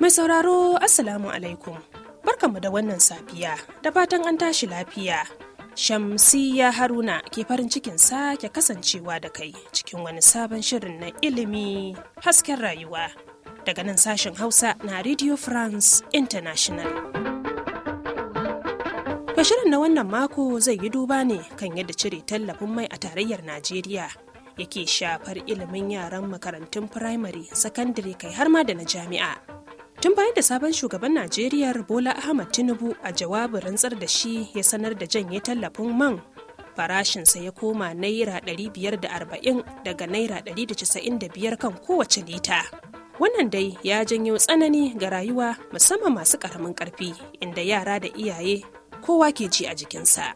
Mai sauraro Assalamu alaikum. Barkanmu da wannan safiya da fatan an tashi lafiya. Shamsiya Haruna ke farin cikin sake kasancewa da kai cikin wani sabon shirin na ilimi hasken rayuwa daga nan sashen Hausa na Radio France International. shirin na wannan mako zai yi duba ne kan yadda cire tallafin mai a tarayyar Najeriya yake shafar ilimin yaran makarantun firamare, sakandare kai har ma da na jami'a. tun bayan da sabon shugaban najeriya bola ahmad tinubu a jawabin rantsar da shi ya sanar da janye tallafin man farashinsa ya koma naira 540 daga naira 195 kan kowace lita wannan dai ya janyo tsanani ga rayuwa musamman masu karamin karfi inda yara da iyaye kowa ke ji a jikinsa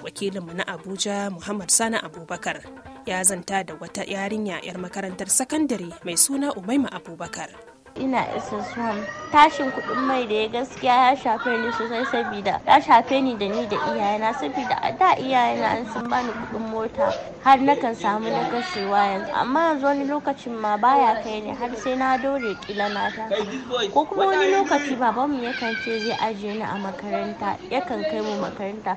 wakilinmu na abuja muhammad sani abubakar ya zanta da wata yarinya 'yar makarantar sakandare mai suna umaima abubakar ina ss tashin kuɗin mai da ya gaskiya ya shafe ni sosai saboda ya shafe ni da ni da iyayena saboda a da iyayena an sun bani kuɗin mota har na kan samu na kashewa yanzu amma yanzu wani lokacin ma baya kai ne har sai na dore kila na ko kuma wani lokaci babanmu yakan ce zai ajiye ni a makaranta yakan kai mu makaranta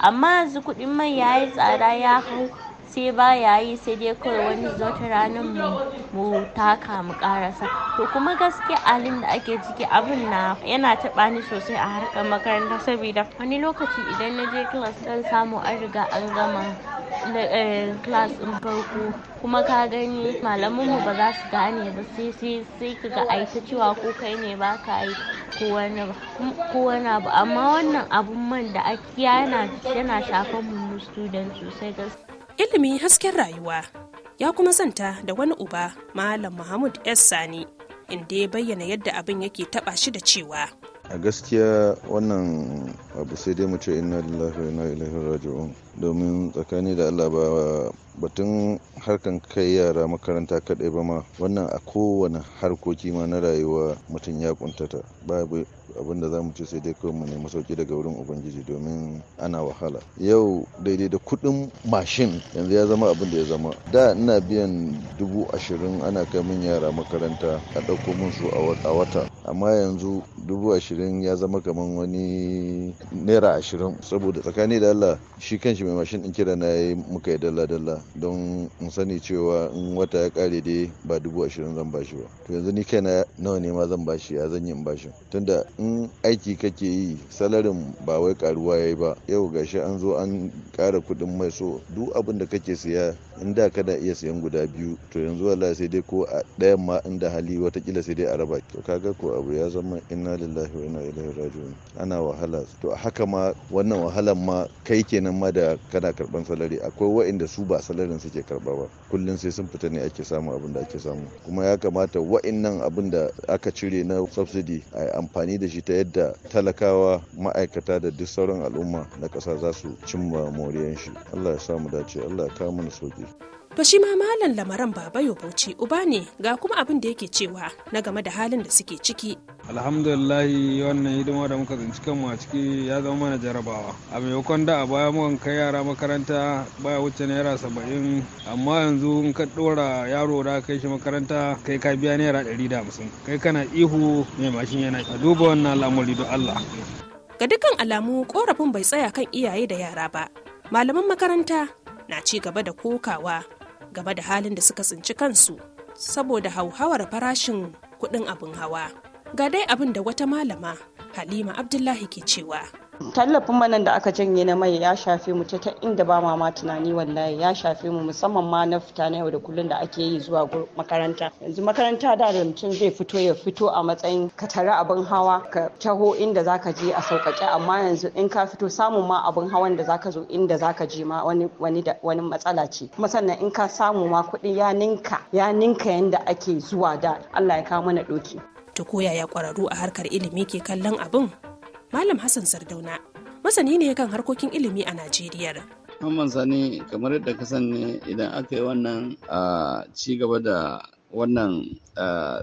amma yanzu kuɗin mai ya yi tsada ya hau sai baya yi sai dai kawai wani ta ranar mu mu taka mu karasa to kuma gaskiya halin da ake ciki abin na yana taɓa ni sosai a harkar makaranta saboda wani lokaci idan na je class zan samu an riga an gama eh, class din farko kuma ka gani malaman mu ba za su gane ba sai sai ka ga ta cewa ko kai ne ba ka yi ko wani ko abu amma wannan abun man da ake yana yana shafan mu student sosai gaskiya ilimi hasken rayuwa ya kuma zanta da wani uba malam mahmud s sani inda ya bayyana yadda abin yake taba shi da cewa a gaskiya wannan abu sai dai mu ce inna lillahi wa inna ilaihi raji'un domin tsakani da allah ba batun harkan kai yara makaranta kaɗai ba ma wannan a kowane harkoki ma na rayuwa mutum ya kuntata babu abin da za mu ce sai dai kawai mu nemi sauki daga wurin ubangiji domin ana wahala yau daidai da kuɗin mashin yanzu ya zama abin da ya zama da ina biyan dubu ashirin ana kai min yara makaranta a ɗauko min su a wata amma yanzu dubu ashirin ya zama kamar wani naira ashirin saboda tsakani da allah shi kanshi mai mashin din kira na yi muka yi dalla dalla don in sani cewa in wata ya kare dai ba dubu ashirin zan bashi ba to yanzu ni na nawa ne ma zan bashi ya zan yi in bashin tunda in aiki kake yi salarin ba wai karuwa ya yi ba yau gashi an zo an kara kudin mai so duk abin da kake siya in da kana iya siyan guda biyu to yanzu wallahi sai dai ko a ɗayan ma in da hali watakila sai dai a raba to kaga ko abu ya zama inna lillahi wa inna ilaihi raji'un ana wahala to haka ma wannan wahalan ma kai kenan ma da kana karban salari akwai waɗanda su ba salarin suke karba ba kullum sai sun fita ne ake samu abin da ake samu kuma ya kamata waɗannan abin da aka cire na subsidy a amfani da shi ta yadda talakawa ma'aikata da duk sauran al'umma na ƙasa za su cimma moriyan shi Allah ya samu dace Allah ya kawo mana sauki To shi ma malam lamaran baba Bauchi uba ne ga kuma abin da yake cewa na game da halin da suke ciki alhamdulillah wannan hidima da muka zanci kanmu a ciki ya zama mana jarabawa a maimakon da a baya mu kai yara makaranta baya wuce naira saba'in amma yanzu in ka ɗora yaro da kai shi makaranta kai ka biya naira ɗari da hamsin kai kana ihu mai mashin yana a duba wannan al'amari don allah ga dukkan alamu korafin bai tsaya kan iyaye da yara ba malaman makaranta na ci gaba da kokawa game da halin da suka tsinci kansu saboda hauhawar farashin kuɗin abin hawa Ga dai abin da wata malama Halima Abdullahi ke cewa. tallafin manan da aka janye na mai ya shafe mu ta inda ba ma ma tunani wallahi ya shafe mu musamman ma na fita na yau da kullun da ake yi zuwa makaranta yanzu makaranta da da mutum zai fito ya fito a matsayin ka tare abin hawa ka taho inda zaka je a sauƙaƙe amma yanzu in ka fito samun ma abin hawan da zaka zo inda zaka je ma wani wani matsala ce kuma sannan in ka samu ma kuɗi ya ninka ya ninka yanda ake zuwa da Allah ya kawo mana doki ta koyaya ƙwararru a harkar ilimi ke kallon abin malam hassan sardauna masani ne kan harkokin ilimi a najeriya Muhammad Sani kamar yadda ka sani idan aka yi wannan ci gaba da wannan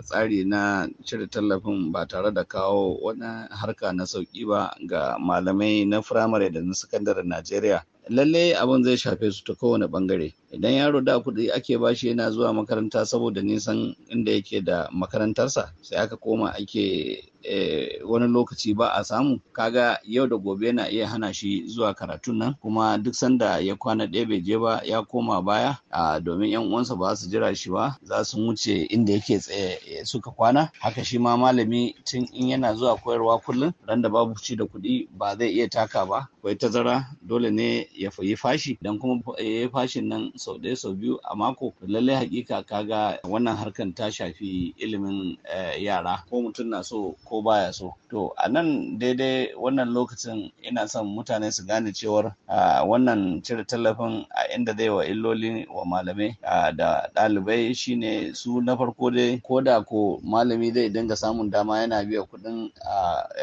tsari na cire tallafin ba tare da kawo wani harka na sauƙi ba ga malamai na firamare da na sakandare Najeriya. lallai abin zai shafe su ta kowane bangare. idan yaro da kuɗi ake bashi yana zuwa makaranta saboda nisan inda yake da makarantarsa sai aka koma ake eh, wani lokaci ba a samu kaga yau da gobe na iya hana shi zuwa karatun nan kuma duk sanda ya kwana ɗaya bai je ba ya koma baya a domin yan uwansa ba su jira shi ba za su wuce inda yake tsaye eh, suka kwana haka shi ma malami tun in yana zuwa koyarwa kullum Randa babu ci da kuɗi ba zai iya taka ba akwai tazara dole ne ya fayi fashi dan kuma ya eh, fashin nan sau ɗaya sau biyu a mako lallai hakika kaga wannan harkan ta shafi ilimin eh, yara ko mutum na so ko baya so to a nan daidai wannan lokacin ina son mutane su gane cewar wannan cire tallafin a inda zai wa illoli wa malamai da ɗalibai shine su na farko dai ko da ko malami zai dinga samun dama yana biya kuɗin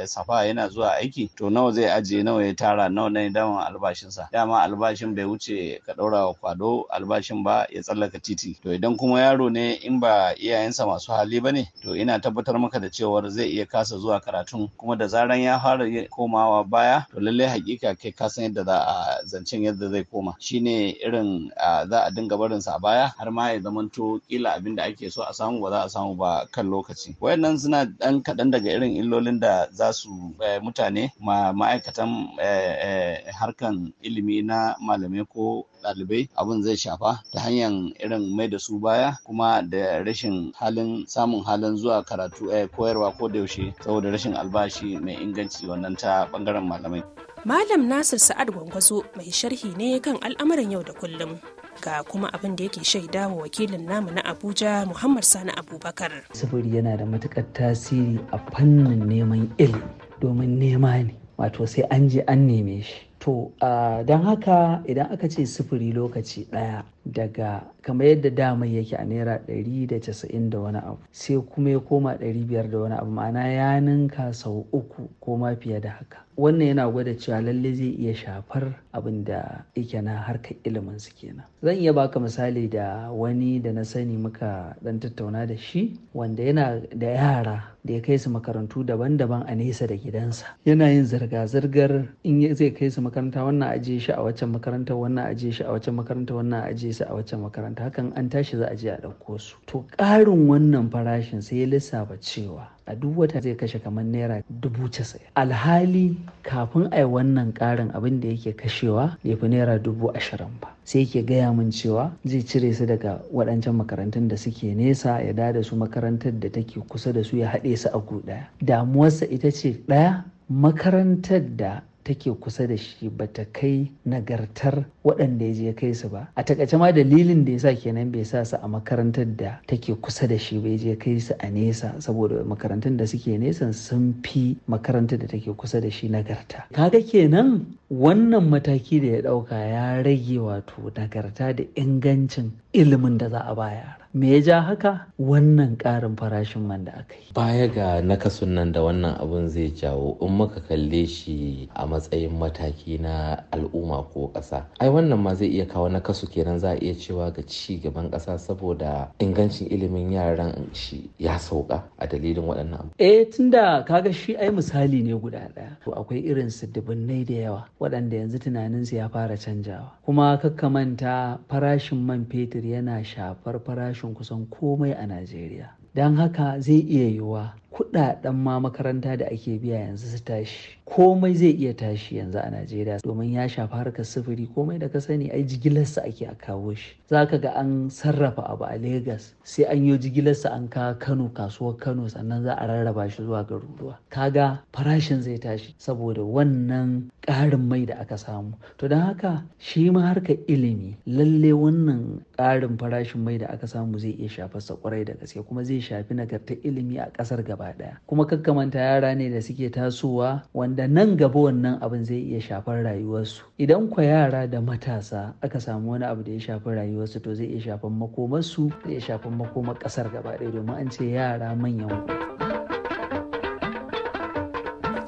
safa yana zuwa aiki to nawa zai ajiye nawa ya tara nawa ne daman albashinsa dama albashin bai wuce ka ɗaura wa kwado albashin ba ya tsallaka titi to idan kuma yaro ne in ba iyayensa masu hali ba ne to ina tabbatar maka da cewar zai iya kasa zuwa karatun kuma da zaran ya fara komawa baya to lallai hakika kai ka san yadda za a zancen yadda zai koma shine irin za a dinga barinsa a baya har ma ya zamanto kila abin da ake so a samu ba za a samu ba kan lokaci wayannan suna dan kaɗan daga irin illolin da za su e, mutane ma ma'aikatan e, e, harkan ilimi na malamai ko ɗalibai abin zai shafa ta hanyar irin mai da su baya kuma da rashin halin samun halin zuwa karatu a eh, koyarwa ko da yaushe saboda rashin albashi mai inganci wannan ta bangaren malamai. Malam Nasir Sa'ad Gwangwazo mai sharhi ne kan al'amuran yau da kullum. ga kuma abin da yake shaida wa wakilin namu na abuja muhammad sani abubakar Saboda yana da matukar tasiri a fannin neman ilimi domin nema ne wato sai an je an neme shi to don haka idan aka ce sufuri lokaci ɗaya daga kamar yadda dama yake a naira ɗari da casa'in da wani abu sai kuma ya koma ɗari biyar da wani abu ma'ana ya ninka sau uku ko ma fiye da haka wannan yana gwada cewa lalle zai iya shafar abin da yake na harkar ilimin su kenan zan iya baka misali da wani da na sani muka dan tattauna da shi wanda yana da yara da ya kai su makarantu daban-daban a nesa da gidansa yana yin zirga-zirgar in zai kai su makaranta wannan ajiye shi a waccan makaranta wannan ajiye shi a waccan makaranta wannan ajiye shi a waccan makaranta hakan an tashi za a je a ɗauko su to ƙarin wannan farashin sai ya lissafa cewa a duk wata zai kashe kamar naira dubu casa'in alhali kafin a yi wannan ƙarin abin da yake kashewa ya fi naira dubu ashirin ba sai yake gaya min cewa zai cire su daga waɗancan makarantun da suke nesa ya da su makarantar da take kusa da su ya haɗe su a gu ɗaya damuwarsa ita ce ɗaya makarantar da take kusa da shi bata kai nagartar waɗanda ya je kai su ba a takaice ma dalilin da ya sa kenan bai sa su a makarantar da take kusa da shi bai je kai su a nesa saboda makarantar da suke nesa sun fi makarantar da take kusa da shi nagarta kaga kenan wannan mataki da ya ɗauka ya rage wato nagarta da ingancin ilimin da za a ba yara me ya ja haka wannan ƙarin farashin man da aka yi baya ga nakasun nan da wannan abun zai jawo in muka kalle shi a matsayin mataki na al'umma ko ƙasa ai wannan ma zai iya kawo nakasu kenan za a iya cewa ga ci gaban ƙasa saboda ingancin ilimin yaran shi ya sauka a dalilin waɗannan abu. Eh tunda kaga shi ai misali ne guda ɗaya. To akwai irin su dubunnai da yawa waɗanda yanzu tunaninsu ya fara canjawa. Kuma kakka manta farashin man fetur yana shafar farashin kusan komai a Najeriya. Don haka zai iya yiwuwa kudaden ma makaranta da ake biya yanzu su tashi komai zai iya tashi yanzu a najeriya domin ya shafi harkar sufuri komai da ka sani ai jigilarsa ake a kawo shi za ka ga an sarrafa abu a Legas sai an yi jigilarsa an ka kano kasuwar kano sannan za a rarraba shi zuwa garuruwa kaga farashin zai tashi saboda wannan ƙarin mai da aka samu to don haka shi ma harkar ilimi lalle wannan ƙarin farashin mai da aka samu zai iya shafarsa kwarai da gaske kuma zai shafi nagartar ilimi a ƙasar gaba gaba ɗaya kuma kakkamanta yara ne da suke tasowa wanda nan gaba wannan abin zai iya shafar rayuwarsu idan kwa yara da matasa aka samu wani abu da ya shafi rayuwarsu to zai iya shafan makomarsu zai iya shafan makomar ƙasar gaba ɗaya domin an ce yara manyan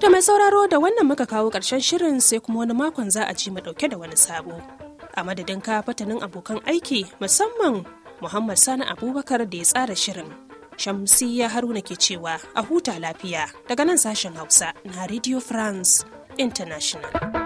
To mai sauraro da wannan muka kawo ƙarshen shirin sai kuma wani makon za a ci mu ɗauke da wani sabo. A madadin ka fatanin abokan aiki musamman Muhammad Sani Abubakar da ya tsara shirin. Shamsiyya Haruna ke cewa a huta lafiya daga nan sashen Hausa na Radio France International.